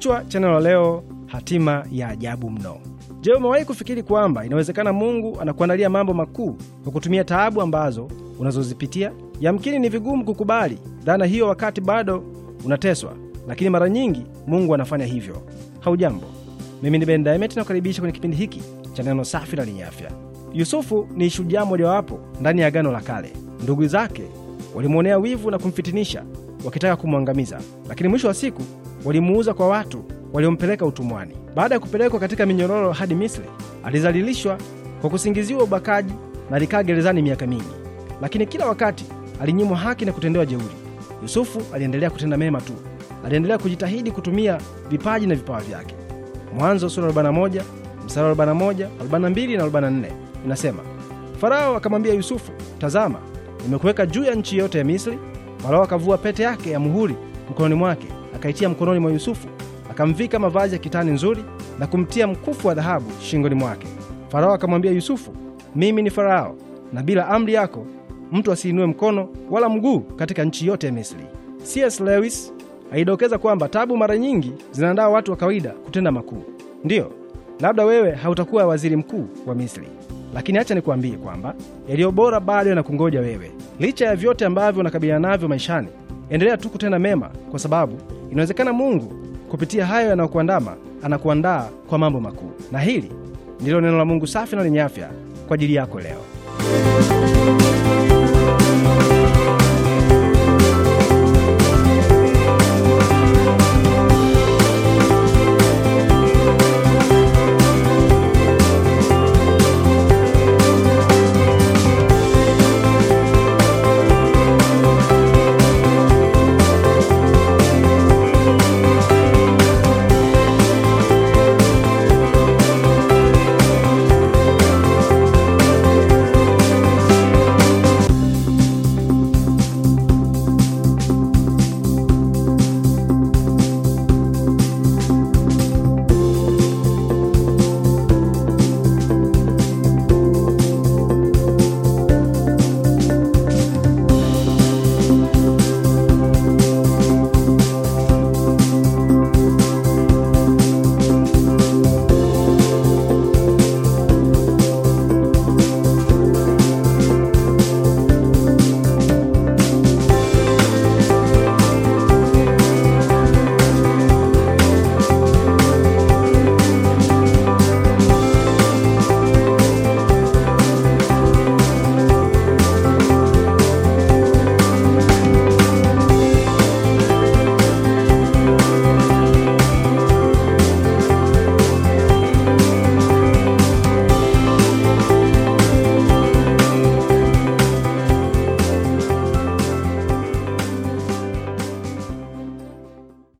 Kichwa cha neno la leo, hatima ya ajabu mno. Je, umewahi kufikiri kwamba inawezekana Mungu anakuandalia mambo makuu kwa kutumia taabu ambazo unazozipitia? Yamkini ni vigumu kukubali dhana hiyo wakati bado unateswa, lakini mara nyingi Mungu anafanya hivyo. Haujambo, mimi ni Ben Daimet na kukaribisha kwenye kipindi hiki cha neno safi na lenye afya. Yusufu ni shujaa mojawapo ndani ya Agano la Kale. Ndugu zake walimwonea wivu na kumfitinisha wakitaka kumwangamiza, lakini mwisho wa siku walimuuza kwa watu waliompeleka utumwani. Baada ya kupelekwa katika minyororo hadi Misri, alizalilishwa kwa kusingiziwa ubakaji na alikaa gerezani miaka mingi, lakini kila wakati alinyimwa haki na kutendewa jeuri. Yusufu aliendelea kutenda mema tu, aliendelea kujitahidi kutumia vipaji na vipawa vyake. Mwanzo sura 41 mstari 41, 42 na 44 inasema, Farao akamwambia Yusufu, tazama, nimekuweka juu ya nchi yote ya Misri. Farao akavua pete yake ya muhuri mkononi mwake akaitia mkononi mwa Yusufu, akamvika mavazi ya kitani nzuri na kumtia mkufu wa dhahabu shingoni mwake. Farao akamwambia Yusufu, mimi ni Farao, na bila amri yako mtu asiinue mkono wala mguu katika nchi yote ya Misri. C.S. Lewis aidokeza kwamba tabu mara nyingi zinaandaa watu wa kawaida kutenda makuu. Ndiyo, labda wewe hautakuwa waziri mkuu wa Misri, lakini acha nikuambie kwamba yaliyo bora bado yanakungoja wewe. Licha ya vyote ambavyo unakabiliana navyo maishani, endelea tu kutenda mema, kwa sababu Inawezekana Mungu kupitia hayo yanayokuandama anakuandaa kwa mambo makuu, na hili ndilo neno la Mungu safi na lenye afya kwa ajili yako leo.